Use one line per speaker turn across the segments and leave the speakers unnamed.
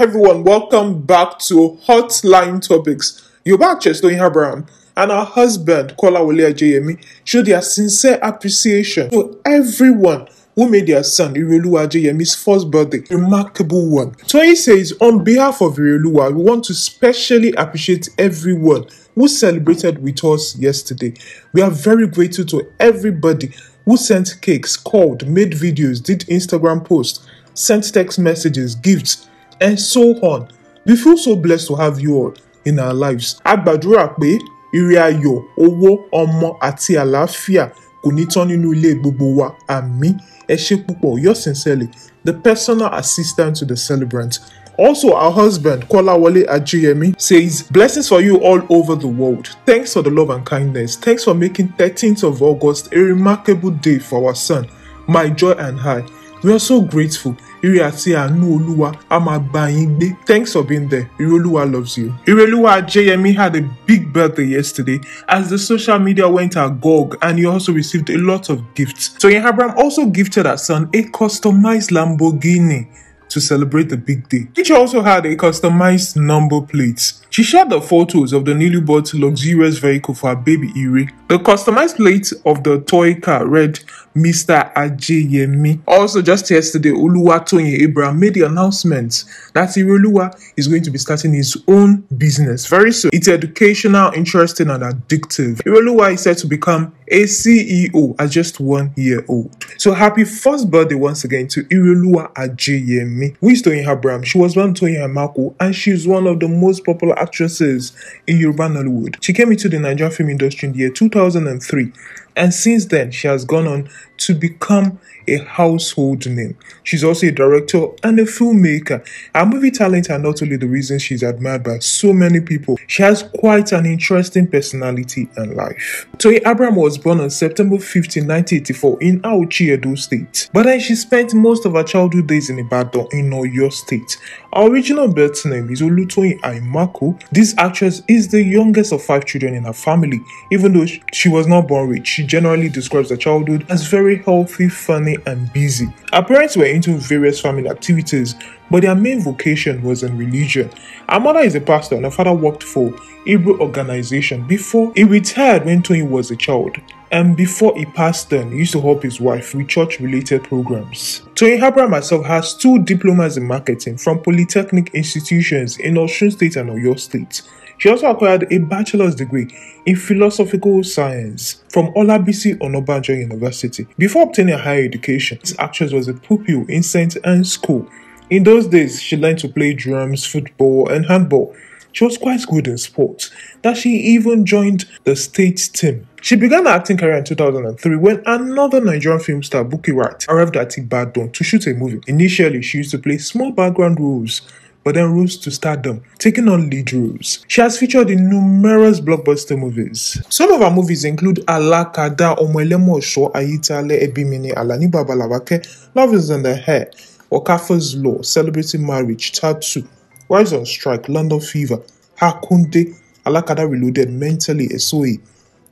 everyone, welcome back to Hotline Topics. Your back Chestoin Brown, and her husband Kola Wale Jemi, show their sincere appreciation to everyone who made their son Iroluwa Jemi's first birthday remarkable one. So he says, on behalf of Iroluwa, we want to specially appreciate everyone who celebrated with us yesterday. We are very grateful to everybody who sent cakes, called, made videos, did Instagram posts, sent text messages, gifts, and so on. We feel so blessed to have you all in our lives. A gbàdúrà pé ire ayọ̀, owó, ọmọ àti Alafia, kò ní tán nínú ilé gbogbo wa. Àmín. Ẹ ṣé púpọ̀, sincerely, the personal assistant to the celebrant. Also, our husband, Kola at Ajiyemi, says, Blessings for you all over the world. Thanks for the love and kindness. Thanks for making 13th of August a remarkable day for our son, my joy and high we are so grateful ire àti olúwa a thanks for being there ire loves you. ire JME had a big birthday yesterday as the social media went agog and he also received a lot of gifts. so abraham also gifted her son a customized lamborghini to celebrate the big day, which also had a customized number plate. She shared the photos of the newly bought luxurious vehicle for her baby Iri. The customized plate of the toy car read Mr. Ajayemi. Also, just yesterday, Oluwatoyin Abraham made the announcement that Iroluwa is going to be starting his own business very soon. It's educational, interesting, and addictive. Iroluwa is set to become a CEO at just one year old. So happy first birthday once again to Iroluwa Ajayemi me. Who is Toyin Bram. She was born Toyin Marco, and she's one of the most popular actresses in Yoruba Nollywood. She came into the Nigerian film industry in the year 2003 and since then she has gone on to become a household name. She's also a director and a filmmaker. Her movie talents are not only the reason she's admired by so many people, she has quite an interesting personality and life. Toye Abraham was born on September 15, 1984 in Aochi, Edo State, but then she spent most of her childhood days in Ibadan in Oyo State. Her original birth name is Olutoyin Aimako. This actress is the youngest of five children in her family. Even though she was not born rich, she generally describes her childhood as very very healthy, funny, and busy. Her parents were into various farming activities, but their main vocation was in religion. Her mother is a pastor and her father worked for Hebrew organization before he retired when Tony was a child. And before he passed on, he used to help his wife with church-related programs. Tony Habra herself has two diplomas in marketing from polytechnic institutions in Osun State and Oyo State. She also acquired a bachelor's degree in philosophical science from Olabisi Onabanjo University. Before obtaining a higher education, this actress was a pupil in St. Anne's School. In those days, she learned to play drums, football, and handball. She was quite good in sports, that she even joined the state team. She began her acting career in 2003 when another Nigerian film star, Buki Wright, arrived at Ibadan to shoot a movie. Initially, she used to play small background roles but then rose to stardom, taking on lead roles. She has featured in numerous blockbuster movies. Some of her movies include Alakada, Omoelemo Osho, Ayitale, Ebimini, Alani Babalawake, Love is in the Hair, Okafu's Law, Celebrating Marriage, Tattoo, Rise on Strike, London Fever, Hakunde, Alakada Reloaded, Mentally, Esoi,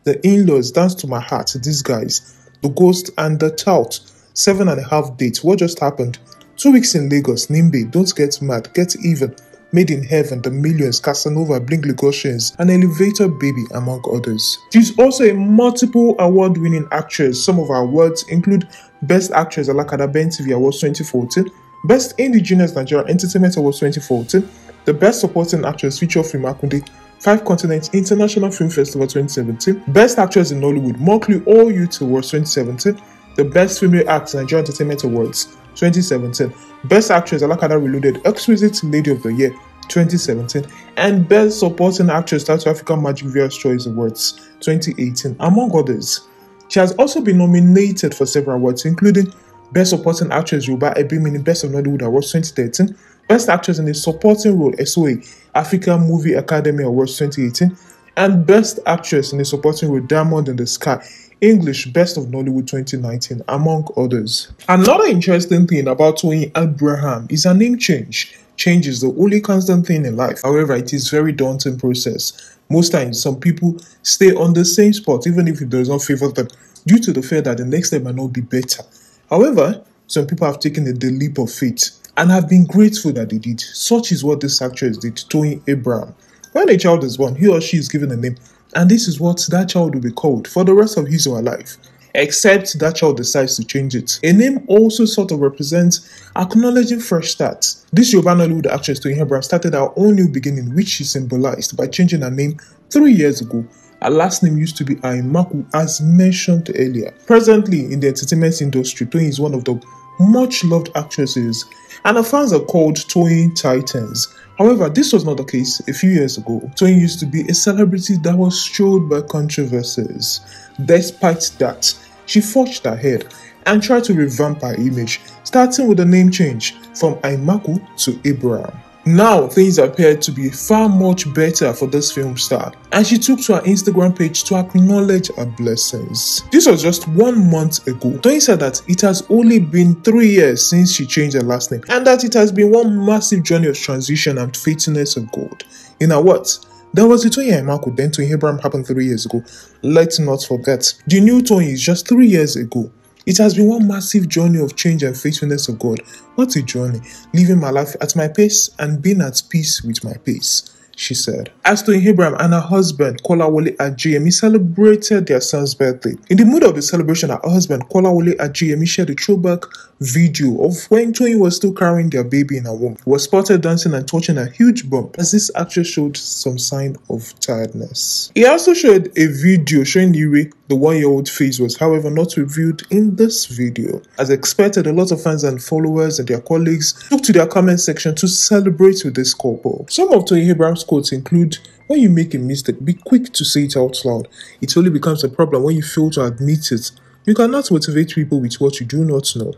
The In-Laws, Dance to My Heart, These Guys, The Ghost and the Tout, Seven and a Half Dates, What Just Happened, Two weeks in Lagos, Nimbe, Don't Get Mad, Get Even, Made in Heaven, The Millions, Casanova, Blink Lagosians, and Elevator Baby, among others. She's also a multiple award winning actress. Some of her awards include Best Actress Alakada Ben TV Awards 2014, Best Indigenous Nigerian Entertainment Awards 2014, the Best Supporting Actress feature film Akunde, Five Continents International Film Festival 2017, Best Actress in Hollywood, Mockley All Youth Awards 2017, the Best Female Act Nigerian Entertainment Awards, 2017. Best Actress Alakada Reloaded, Exquisite Lady of the Year 2017, and Best Supporting Actress South Africa Magic Viewers Choice Awards 2018, among others. She has also been nominated for several awards, including Best Supporting Actress Yoruba Ebimini Best of Nollywood Awards 2013, Best Actress in a Supporting Role SOA Africa Movie Academy Awards 2018, and Best Actress in a Supporting Role Diamond in the Sky English Best of Nollywood 2019, among others. Another interesting thing about Tony Abraham is a name change. Change is the only constant thing in life. However, it is very daunting process. Most times, some people stay on the same spot even if it does not favor them due to the fear that the next step might not be better. However, some people have taken the leap of faith and have been grateful that they did. Such is what this actress did, Tony Abraham. When a child is born, he or she is given a name and this is what that child will be called for the rest of his or her life, except that child decides to change it. A name also sort of represents acknowledging fresh starts. This Yoruba Nollywood actress to Hebron started her own new beginning, which she symbolized by changing her name three years ago her last name used to be Aimaku, as mentioned earlier. Presently, in the entertainment industry, Toyin is one of the much loved actresses, and her fans are called Toyin Titans. However, this was not the case a few years ago. Toyin used to be a celebrity that was showed by controversies. Despite that, she forged ahead and tried to revamp her image, starting with a name change from Aimaku to Abraham. Now, things appeared to be far much better for this film star, and she took to her Instagram page to acknowledge her blessings. This was just one month ago. Tony said that it has only been three years since she changed her last name, and that it has been one massive journey of transition and faithfulness of God. In her words, there was a Tony Emako, then Tony Abraham happened three years ago. Let's not forget. The new Tony is just three years ago. It has been one massive journey of change and faithfulness of God. What a journey, living my life at my pace and being at peace with my pace she said. As to Abraham and her husband, Kola Kolawole Ajayemi, celebrated their son's birthday. In the mood of the celebration, her husband, Kola Wole Ajayemi, shared a throwback video of when Toyin was still carrying their baby in her womb was spotted dancing and touching a huge bump as this actress showed some sign of tiredness. He also shared a video showing Yuri the one-year-old face was however not reviewed in this video. As expected, a lot of fans and followers and their colleagues took to their comment section to celebrate with this couple. Some of Tony Abraham's quotes include when you make a mistake, be quick to say it out loud. It only becomes a problem when you fail to admit it. You cannot motivate people with what you do not know.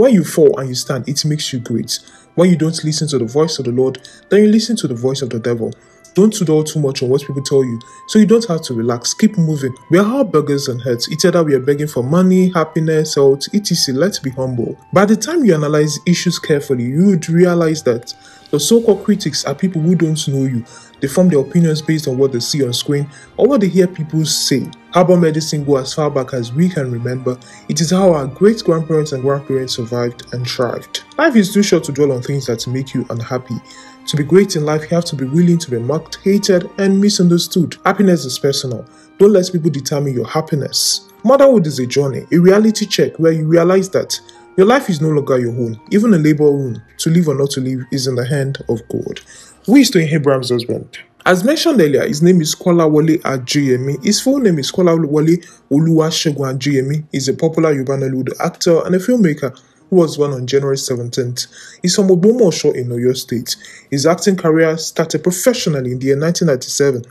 When you fall and you stand, it makes you great. When you don't listen to the voice of the Lord, then you listen to the voice of the devil. Don't dwell too much on what people tell you, so you don't have to relax. Keep moving. We are all beggars and hurts. It's either we are begging for money, happiness, health, etc. Let's be humble. By the time you analyze issues carefully, you would realize that the so called critics are people who don't know you. They form their opinions based on what they see on screen or what they hear people say. Herbal medicine go as far back as we can remember. It is how our great grandparents and grandparents survived and thrived. Life is too short to dwell on things that make you unhappy. To be great in life, you have to be willing to be mocked, hated, and misunderstood. Happiness is personal. Don't let people determine your happiness. Motherhood is a journey, a reality check where you realize that your life is no longer your own. Even a labor room, to live or not to live, is in the hand of God. We used to Abraham's husband? As mentioned earlier, his name is Wale Ajayemi. His full name is Kolawole Oluwasegun Ajayemi. He's a popular Yoruba actor and a filmmaker who was born on January 17th. He's from Show in Oyo State. His acting career started professionally in the year 1997.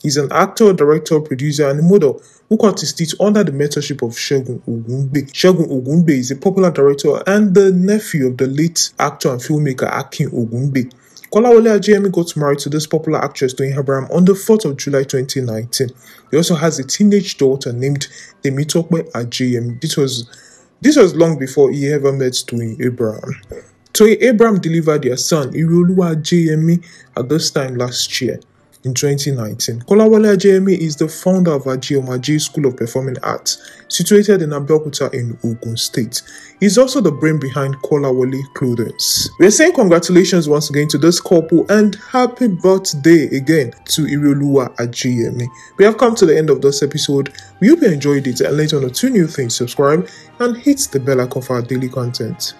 He's an actor, director, producer, and model who got his teeth under the mentorship of Shogun Ogunbe. Shogun Ogunbe is a popular director and the nephew of the late actor and filmmaker Akin Ogunbe. Kolawole Ajayemi got married to this popular actress Doyin Abraham on the 4th of July 2019. He also has a teenage daughter named Demitope Ajayemi. This was this was long before he ever met Doyin Abraham. Doyin Abraham delivered their son Iroluwa Ajayemi at this time last year in 2019. Kolawole Ajayemi is the founder of Ajiomaji School of Performing Arts, situated in Abeokuta in Ogun State. He's also the brain behind Kolawole Clothing. We're saying congratulations once again to this couple and happy birthday again to Irioluwa Ajayemi. We have come to the end of this episode. We hope you enjoyed it and later on the two new things subscribe and hit the bell icon for our daily content.